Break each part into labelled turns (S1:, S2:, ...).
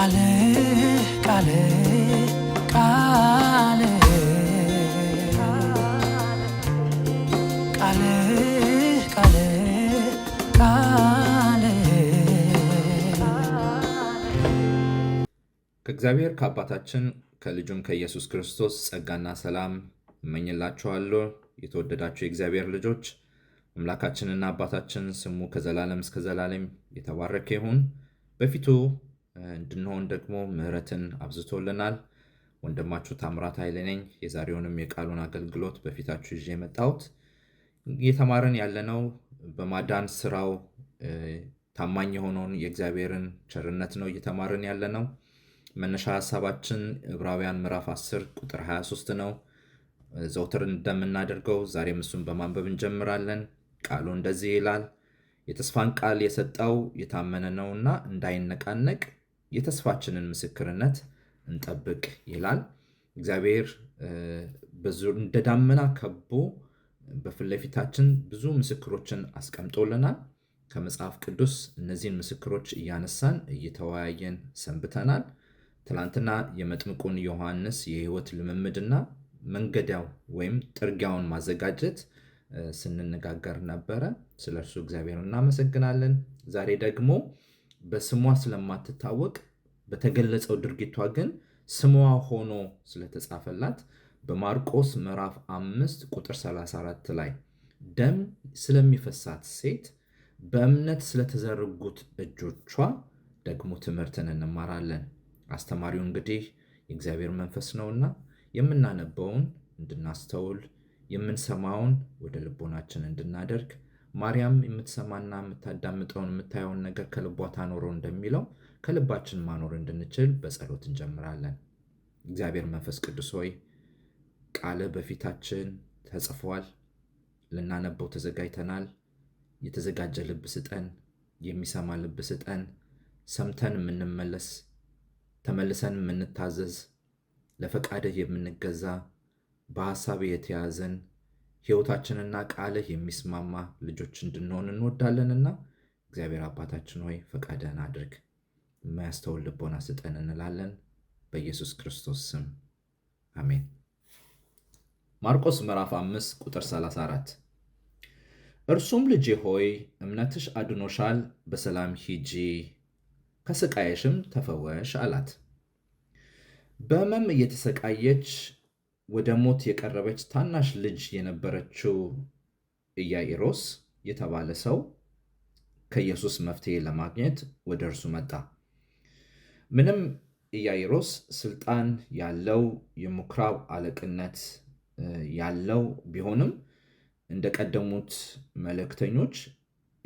S1: ቃል ከእግዚአብሔር ከአባታችን ከልጁም ከኢየሱስ ክርስቶስ ጸጋና ሰላም እመኝላችኋለሁ። የተወደዳችሁ የእግዚአብሔር ልጆች አምላካችንና አባታችን ስሙ ከዘላለም እስከ ዘላለም የተባረከ ይሁን። በፊቱ እንድንሆን ደግሞ ምሕረትን አብዝቶልናል። ወንድማችሁ ታምራት ኃይሌ ነኝ። የዛሬውንም የቃሉን አገልግሎት በፊታችሁ ይዤ የመጣሁት እየተማርን ያለነው በማዳን ስራው ታማኝ የሆነውን የእግዚአብሔርን ቸርነት ነው እየተማርን ያለነው። መነሻ ሀሳባችን ዕብራውያን ምዕራፍ 10 ቁጥር 23 ነው። ዘውትር እንደምናደርገው ዛሬም እሱን በማንበብ እንጀምራለን። ቃሉ እንደዚህ ይላል፣ የተስፋን ቃል የሰጠው የታመነ ነውና እንዳይነቃነቅ የተስፋችንን ምስክርነት እንጠብቅ ይላል። እግዚአብሔር እንደ ከቦ በፊት ለፊታችን ብዙ ምስክሮችን አስቀምጦልናል። ከመጽሐፍ ቅዱስ እነዚህን ምስክሮች እያነሳን እየተወያየን ሰንብተናል። ትላንትና የመጥምቁን ዮሐንስ የህይወት ልምምድና መንገዳው ወይም ጥርጊያውን ማዘጋጀት ስንነጋገር ነበረ። ስለ እርሱ እግዚአብሔር እናመሰግናለን። ዛሬ ደግሞ በስሟ ስለማትታወቅ በተገለጸው ድርጊቷ ግን ስሟ ሆኖ ስለተጻፈላት በማርቆስ ምዕራፍ 5 ቁጥር 34 ላይ ደም ስለሚፈሳት ሴት በእምነት ስለተዘረጉት እጆቿ ደግሞ ትምህርትን እንማራለን። አስተማሪው እንግዲህ የእግዚአብሔር መንፈስ ነውና የምናነበውን እንድናስተውል፣ የምንሰማውን ወደ ልቦናችን እንድናደርግ ማርያም የምትሰማና የምታዳምጠውን የምታየውን ነገር ከልቧ ታኖረው እንደሚለው ከልባችን ማኖር እንድንችል በጸሎት እንጀምራለን። እግዚአብሔር መንፈስ ቅዱስ ሆይ ቃለ በፊታችን ተጽፏል፣ ልናነበው ተዘጋጅተናል። የተዘጋጀ ልብ ስጠን፣ የሚሰማ ልብ ስጠን። ሰምተን የምንመለስ ተመልሰን የምንታዘዝ ለፈቃድህ የምንገዛ በሐሳብ የተያዘን ሕይወታችንና ቃልህ የሚስማማ ልጆች እንድንሆን እንወዳለንና እግዚአብሔር አባታችን ሆይ ፈቃደን አድርግ፣ የማያስተውል ልቦና ስጠን እንላለን። በኢየሱስ ክርስቶስ ስም አሜን። ማርቆስ ምዕራፍ 5 ቁጥር 34 እርሱም ልጄ ሆይ እምነትሽ አድኖሻል፣ በሰላም ሂጂ ከስቃይሽም ተፈወሽ አላት። በሕመም እየተሰቃየች ወደ ሞት የቀረበች ታናሽ ልጅ የነበረችው ኢያኢሮስ የተባለ ሰው ከኢየሱስ መፍትሄ ለማግኘት ወደ እርሱ መጣ። ምንም ኢያኢሮስ ስልጣን ያለው የምኩራብ አለቅነት ያለው ቢሆንም እንደቀደሙት መልእክተኞች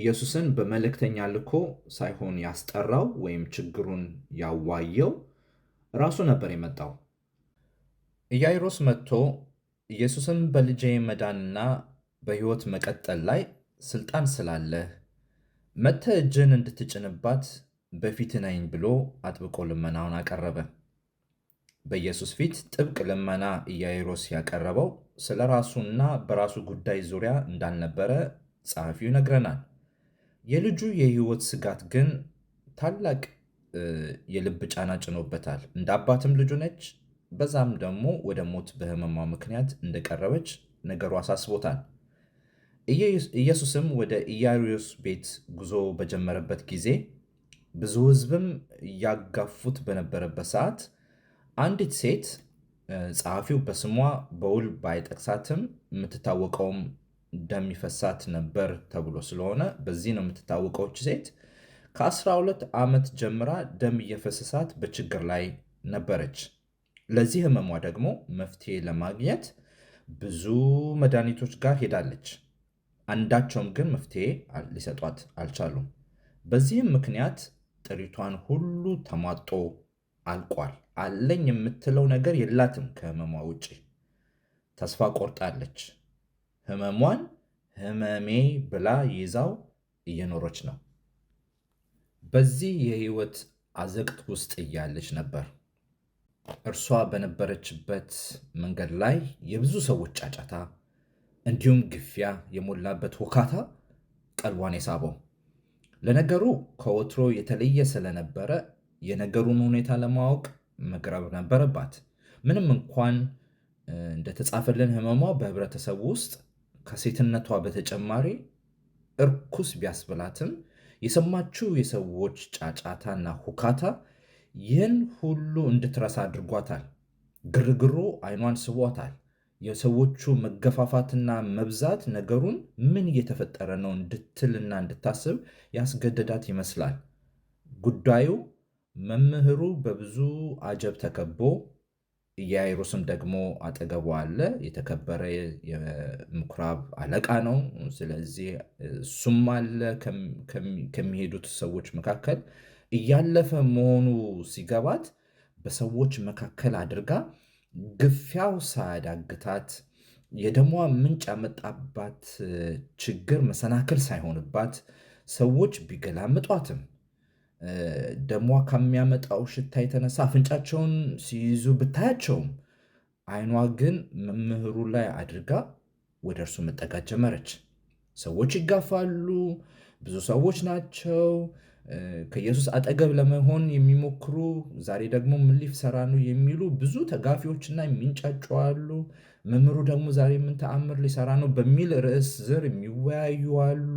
S1: ኢየሱስን በመልእክተኛ ልኮ ሳይሆን ያስጠራው ወይም ችግሩን ያዋየው ራሱ ነበር የመጣው። ኢያይሮስ መጥቶ ኢየሱስም በልጄ መዳንና በሕይወት መቀጠል ላይ ሥልጣን ስላለህ መተ እጅን እንድትጭንባት በፊት ነኝ ብሎ አጥብቆ ልመናውን አቀረበ። በኢየሱስ ፊት ጥብቅ ልመና ኢያይሮስ ያቀረበው ስለ ራሱና በራሱ ጉዳይ ዙሪያ እንዳልነበረ ጸሐፊው ይነግረናል። የልጁ የሕይወት ስጋት ግን ታላቅ የልብ ጫና ጭኖበታል። እንደ አባትም ልጁ ነች በዛም ደግሞ ወደ ሞት በህመማ ምክንያት እንደቀረበች ነገሩ አሳስቦታል። ኢየሱስም ወደ ኢያሪዮስ ቤት ጉዞ በጀመረበት ጊዜ ብዙ ህዝብም ያጋፉት በነበረበት ሰዓት አንዲት ሴት ጸሐፊው በስሟ በውል ባይጠቅሳትም የምትታወቀውም ደም ይፈሳት ነበር ተብሎ ስለሆነ በዚህ ነው የምትታወቀውች ሴት ከ12 ዓመት ጀምራ ደም እየፈሰሳት በችግር ላይ ነበረች። ለዚህ ህመሟ ደግሞ መፍትሄ ለማግኘት ብዙ መድኃኒቶች ጋር ሄዳለች። አንዳቸውም ግን መፍትሄ ሊሰጧት አልቻሉም። በዚህም ምክንያት ጥሪቷን ሁሉ ተሟጦ አልቋል። አለኝ የምትለው ነገር የላትም ከህመሟ ውጪ። ተስፋ ቆርጣለች። ህመሟን ህመሜ ብላ ይዛው እየኖረች ነው። በዚህ የህይወት አዘቅት ውስጥ እያለች ነበር እርሷ በነበረችበት መንገድ ላይ የብዙ ሰዎች ጫጫታ እንዲሁም ግፊያ የሞላበት ሁካታ ቀልቧን የሳበው። ለነገሩ ከወትሮ የተለየ ስለነበረ የነገሩን ሁኔታ ለማወቅ መቅረብ ነበረባት። ምንም እንኳን እንደተጻፈልን ህመሟ በህብረተሰቡ ውስጥ ከሴትነቷ በተጨማሪ እርኩስ ቢያስብላትም የሰማችው የሰዎች ጫጫታና ሁካታ ይህን ሁሉ እንድትረሳ አድርጓታል። ግርግሩ አይኗን ስቧታል። የሰዎቹ መገፋፋትና መብዛት ነገሩን ምን እየተፈጠረ ነው እንድትልና እንድታስብ ያስገደዳት ይመስላል። ጉዳዩ መምህሩ በብዙ አጀብ ተከቦ ኢያኢሮስም ደግሞ አጠገቡ አለ። የተከበረ የምኩራብ አለቃ ነው። ስለዚህ እሱም አለ ከሚሄዱት ሰዎች መካከል እያለፈ መሆኑ ሲገባት በሰዎች መካከል አድርጋ ግፊያው ሳያዳግታት የደሟ ምንጭ ያመጣባት ችግር መሰናክል ሳይሆንባት ሰዎች ቢገላምጧትም ደሟ ከሚያመጣው ሽታ የተነሳ አፍንጫቸውን ሲይዙ ብታያቸውም አይኗ ግን መምህሩ ላይ አድርጋ ወደ እርሱ መጠጋት ጀመረች። ሰዎች ይጋፋሉ፣ ብዙ ሰዎች ናቸው ከኢየሱስ አጠገብ ለመሆን የሚሞክሩ ዛሬ ደግሞ ምን ሊሰራ ነው የሚሉ ብዙ ተጋፊዎችና የሚንጫጩ አሉ። መምህሩ ደግሞ ዛሬ ምን ተአምር ሊሰራ ነው በሚል ርዕስ ዝር የሚወያዩ አሉ።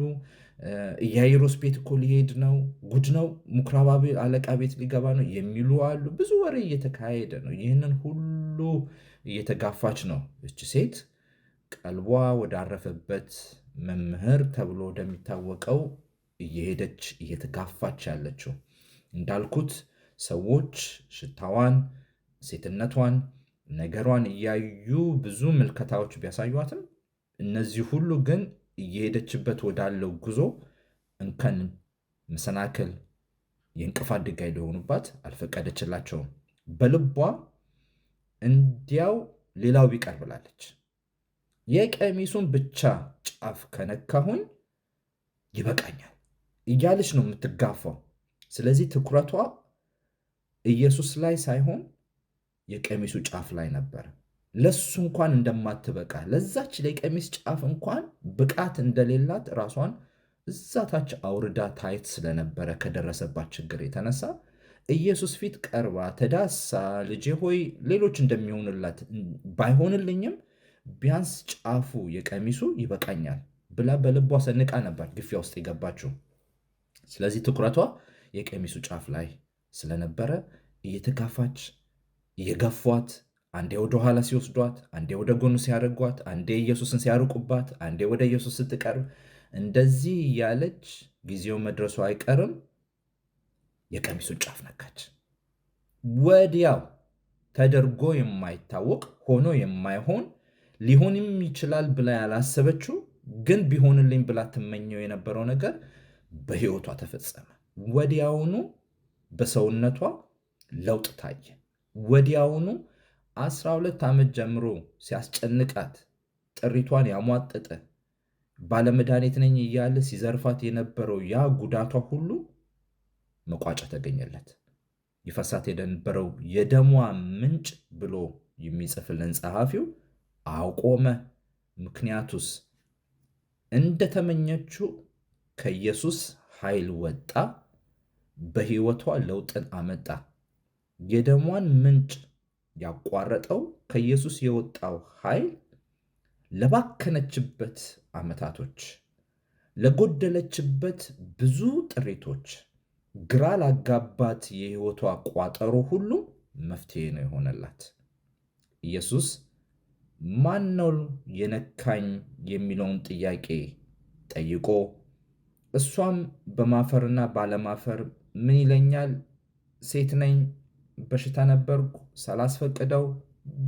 S1: ኢያኢሮስ ቤት እኮ ሊሄድ ነው፣ ጉድ ነው፣ ምኩራብ አለቃ ቤት ሊገባ ነው የሚሉ አሉ። ብዙ ወሬ እየተካሄደ ነው። ይህንን ሁሉ እየተጋፋች ነው እች ሴት ቀልቧ ወዳረፈበት መምህር ተብሎ ወደሚታወቀው እየሄደች እየተጋፋች ያለችው። እንዳልኩት ሰዎች ሽታዋን፣ ሴትነቷን፣ ነገሯን እያዩ ብዙ ምልከታዎች ቢያሳዩትም እነዚህ ሁሉ ግን እየሄደችበት ወዳለው ጉዞ እንከን፣ መሰናክል፣ የእንቅፋት ድንጋይ ሊሆኑባት አልፈቀደችላቸውም። በልቧ እንዲያው ሌላው ቢቀር ብላለች። የቀሚሱን ብቻ ጫፍ ከነካሁኝ ይበቃኛል እያለች ነው የምትጋፋው። ስለዚህ ትኩረቷ ኢየሱስ ላይ ሳይሆን የቀሚሱ ጫፍ ላይ ነበር። ለሱ እንኳን እንደማትበቃ ለዛች ለቀሚስ ጫፍ እንኳን ብቃት እንደሌላት ራሷን እዛታች አውርዳ ታይት ስለነበረ ከደረሰባት ችግር የተነሳ ኢየሱስ ፊት ቀርባ ተዳሳ ልጄ ሆይ ሌሎች እንደሚሆንላት ባይሆንልኝም ቢያንስ ጫፉ የቀሚሱ ይበቃኛል ብላ በልቧ ሰንቃ ነበር ግፊያ ውስጥ የገባችው። ስለዚህ ትኩረቷ የቀሚሱ ጫፍ ላይ ስለነበረ እየተጋፋች እየገፏት አንዴ ወደ ኋላ ሲወስዷት፣ አንዴ ወደ ጎኑ ሲያደርጓት፣ አንዴ ኢየሱስን ሲያርቁባት፣ አንዴ ወደ ኢየሱስ ስትቀርብ፣ እንደዚህ እያለች ጊዜው መድረሱ አይቀርም የቀሚሱን ጫፍ ነካች። ወዲያው ተደርጎ የማይታወቅ ሆኖ የማይሆን ሊሆንም ይችላል ብላ ያላሰበችው ግን ቢሆንልኝ ብላ ትመኘው የነበረው ነገር በህይወቷ ተፈጸመ። ወዲያውኑ በሰውነቷ ለውጥ ታየ። ወዲያውኑ አስራ ሁለት ዓመት ጀምሮ ሲያስጨንቃት ጥሪቷን ያሟጠጠ ባለመድኃኒት ነኝ እያለ ሲዘርፋት የነበረው ያ ጉዳቷ ሁሉ መቋጫ ተገኘለት። ይፈሳት የነበረው የደሟ ምንጭ ብሎ የሚጽፍልን ጸሐፊው አቆመ። ምክንያቱስ እንደተመኘችው ከኢየሱስ ኃይል ወጣ፣ በሕይወቷ ለውጥን አመጣ። የደሟን ምንጭ ያቋረጠው ከኢየሱስ የወጣው ኃይል ለባከነችበት ዓመታቶች፣ ለጎደለችበት ብዙ ጥሪቶች፣ ግራ ላጋባት የሕይወቷ ቋጠሮ ሁሉ መፍትሄ ነው የሆነላት። ኢየሱስ ማን ነው የነካኝ የሚለውን ጥያቄ ጠይቆ እሷም በማፈርና ባለማፈር ምን ይለኛል፣ ሴት ነኝ፣ በሽታ ነበርኩ፣ ሳላስፈቅደው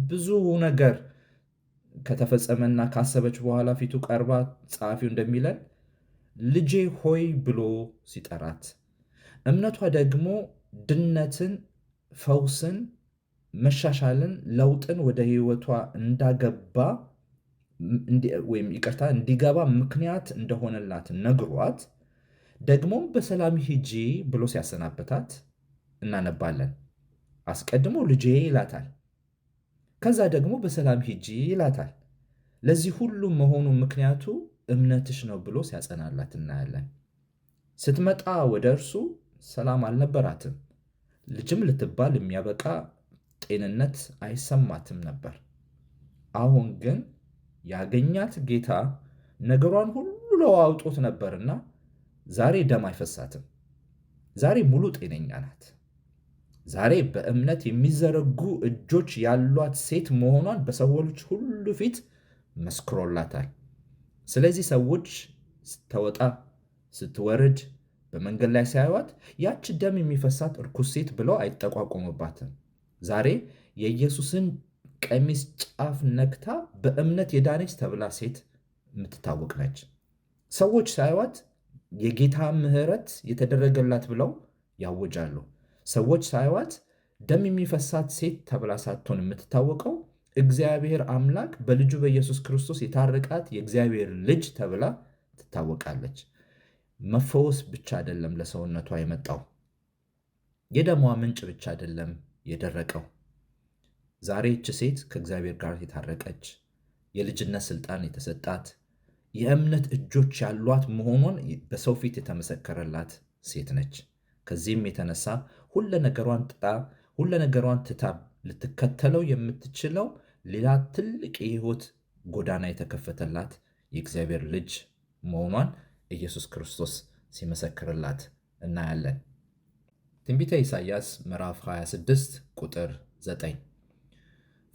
S1: ብዙ ነገር ከተፈጸመና ካሰበች በኋላ ፊቱ ቀርባ ጸሐፊው እንደሚለን ልጄ ሆይ ብሎ ሲጠራት እምነቷ ደግሞ ድነትን፣ ፈውስን፣ መሻሻልን፣ ለውጥን ወደ ህይወቷ እንዳገባ ወይም ይቅርታ እንዲገባ ምክንያት እንደሆነላት ነግሯት ደግሞም በሰላም ሂጂ ብሎ ሲያሰናበታት እናነባለን። አስቀድሞ ልጄ ይላታል። ከዛ ደግሞ በሰላም ሂጂ ይላታል። ለዚህ ሁሉም መሆኑ ምክንያቱ እምነትሽ ነው ብሎ ሲያጸናላት እናያለን። ስትመጣ ወደ እርሱ ሰላም አልነበራትም። ልጅም ልትባል የሚያበቃ ጤንነት አይሰማትም ነበር። አሁን ግን ያገኛት ጌታ ነገሯን ሁሉ ለዋውጦት ነበርና ዛሬ ደም አይፈሳትም። ዛሬ ሙሉ ጤነኛ ናት። ዛሬ በእምነት የሚዘረጉ እጆች ያሏት ሴት መሆኗን በሰዎች ሁሉ ፊት መስክሮላታል። ስለዚህ ሰዎች ስትወጣ ስትወርድ፣ በመንገድ ላይ ሲያዩት ያች ደም የሚፈሳት እርኩስ ሴት ብለው አይጠቋቆሙባትም። ዛሬ የኢየሱስን ቀሚስ ጫፍ ነክታ በእምነት የዳነች ተብላ ሴት የምትታወቅ ነች። ሰዎች ሳይዋት የጌታ ምሕረት የተደረገላት ብለው ያወጃሉ። ሰዎች ሳይዋት ደም የሚፈሳት ሴት ተብላ ሳትሆን የምትታወቀው እግዚአብሔር አምላክ በልጁ በኢየሱስ ክርስቶስ የታረቃት የእግዚአብሔር ልጅ ተብላ ትታወቃለች። መፈወስ ብቻ አይደለም ለሰውነቷ የመጣው፣ የደሟ ምንጭ ብቻ አይደለም የደረቀው። ዛሬ ይች ሴት ከእግዚአብሔር ጋር የታረቀች የልጅነት ስልጣን የተሰጣት የእምነት እጆች ያሏት መሆኗን በሰው ፊት የተመሰከረላት ሴት ነች። ከዚህም የተነሳ ሁለ ነገሯን ጥጣ ሁለ ነገሯን ትታ ልትከተለው የምትችለው ሌላ ትልቅ የህይወት ጎዳና የተከፈተላት የእግዚአብሔር ልጅ መሆኗን ኢየሱስ ክርስቶስ ሲመሰክርላት እናያለን። ትንቢተ ኢሳይያስ ምዕራፍ 26 ቁጥር 9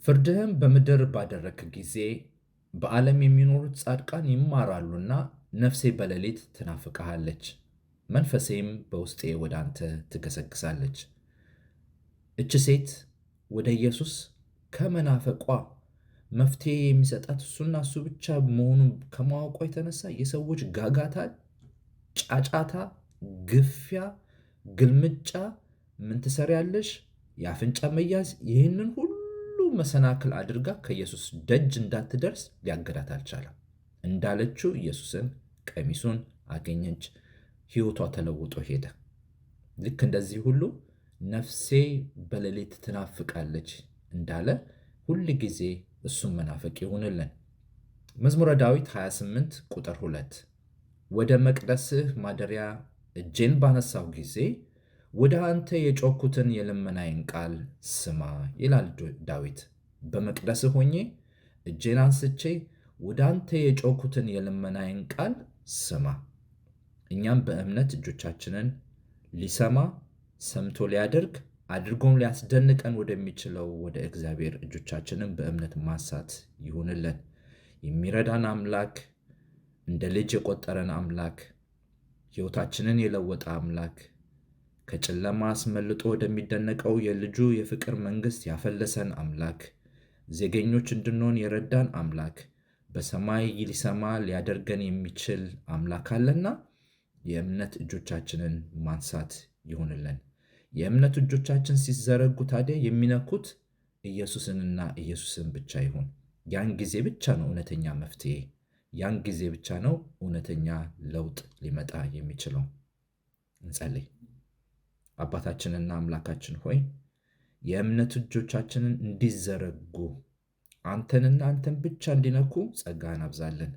S1: ፍርድህም በምድር ባደረግክ ጊዜ በዓለም የሚኖሩት ጻድቃን ይማራሉና ነፍሴ በሌሊት ትናፍቀሃለች፣ መንፈሴም በውስጤ ወደ አንተ ትገሰግሳለች። እች ሴት ወደ ኢየሱስ ከመናፈቋ መፍትሄ የሚሰጣት እሱና እሱ ብቻ መሆኑን ከማወቋ የተነሳ የሰዎች ጋጋታ፣ ጫጫታ፣ ግፊያ፣ ግልምጫ፣ ምን ትሰሪያለሽ፣ የአፍንጫ መያዝ፣ ይህንን ሁሉ መሰናክል አድርጋ ከኢየሱስ ደጅ እንዳትደርስ ሊያገዳት አልቻለም። እንዳለችው ኢየሱስን ቀሚሱን አገኘች፣ ሕይወቷ ተለውጦ ሄደ። ልክ እንደዚህ ሁሉ ነፍሴ በሌሊት ትናፍቃለች እንዳለ ሁል ጊዜ እሱን መናፈቅ ይሁንልን። መዝሙረ ዳዊት 28 ቁጥር 2 ወደ መቅደስህ ማደሪያ እጄን ባነሳው ጊዜ ወደ አንተ የጮኩትን የልመናዬን ቃል ስማ ይላል ዳዊት። በመቅደስ ሆኜ እጄን አንስቼ ወደ አንተ የጮኩትን የልመናዬን ቃል ስማ። እኛም በእምነት እጆቻችንን ሊሰማ ሰምቶ ሊያደርግ አድርጎም ሊያስደንቀን ወደሚችለው ወደ እግዚአብሔር እጆቻችንን በእምነት ማንሳት ይሁንልን። የሚረዳን አምላክ፣ እንደ ልጅ የቆጠረን አምላክ፣ ሕይወታችንን የለወጠ አምላክ ከጨለማ አስመልጦ ወደሚደነቀው የልጁ የፍቅር መንግሥት ያፈለሰን አምላክ፣ ዜገኞች እንድንሆን የረዳን አምላክ፣ በሰማይ ሊሰማ ሊያደርገን የሚችል አምላክ አለና የእምነት እጆቻችንን ማንሳት ይሁንልን። የእምነት እጆቻችን ሲዘረጉ ታዲያ የሚነኩት ኢየሱስንና ኢየሱስን ብቻ ይሁን። ያን ጊዜ ብቻ ነው እውነተኛ መፍትሄ፣ ያን ጊዜ ብቻ ነው እውነተኛ ለውጥ ሊመጣ የሚችለው። እንጸልይ። አባታችንና አምላካችን ሆይ የእምነት እጆቻችንን እንዲዘረጉ አንተንና አንተን ብቻ እንዲነኩ ጸጋ ናብዛለን።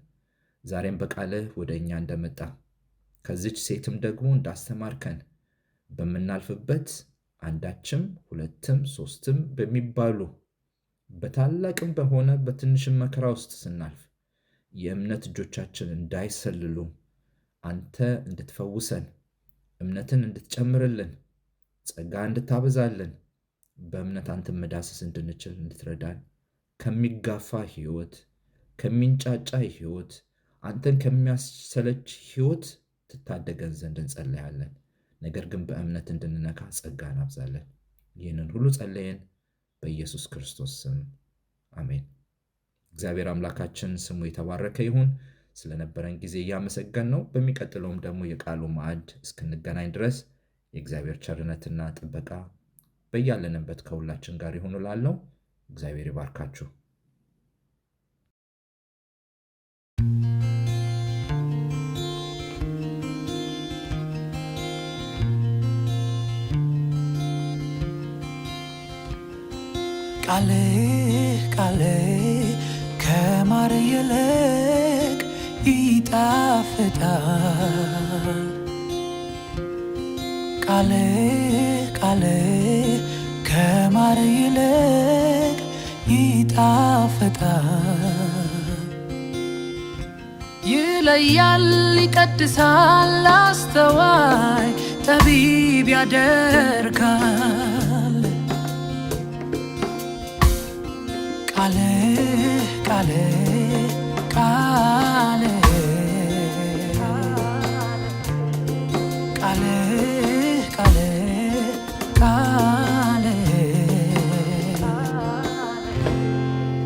S1: ዛሬም በቃልህ ወደ እኛ እንደመጣ ከዚች ሴትም ደግሞ እንዳስተማርከን በምናልፍበት አንዳችም ሁለትም ሶስትም በሚባሉ በታላቅም በሆነ በትንሽም መከራ ውስጥ ስናልፍ የእምነት እጆቻችን እንዳይሰልሉ አንተ እንድትፈውሰን እምነትን እንድትጨምርልን ጸጋ እንድታበዛልን በእምነት አንተን መዳሰስ እንድንችል እንድትረዳን ከሚጋፋ ህይወት ከሚንጫጫ ህይወት አንተን ከሚያሰለች ህይወት ትታደገን ዘንድ እንጸለያለን። ነገር ግን በእምነት እንድንነካ ጸጋ እናብዛለን። ይህንን ሁሉ ጸለየን በኢየሱስ ክርስቶስ ስም አሜን። እግዚአብሔር አምላካችን ስሙ የተባረከ ይሁን። ስለነበረን ጊዜ እያመሰገን ነው። በሚቀጥለውም ደግሞ የቃሉ ማዕድ እስክንገናኝ ድረስ የእግዚአብሔር ቸርነትና ጥበቃ በያለንበት ከሁላችን ጋር ይሁን እላለሁ። እግዚአብሔር ይባርካችሁ። ቃሌ ቃሌ ከማር ይልቅ ይጣፍጣል ቃል ቃል ከማር ይልቅ ይጣፈጣል፣ ይለያል፣ ይቀድሳል፣ አስተዋይ ጠቢብ ያደርጋል። ቃል ቃል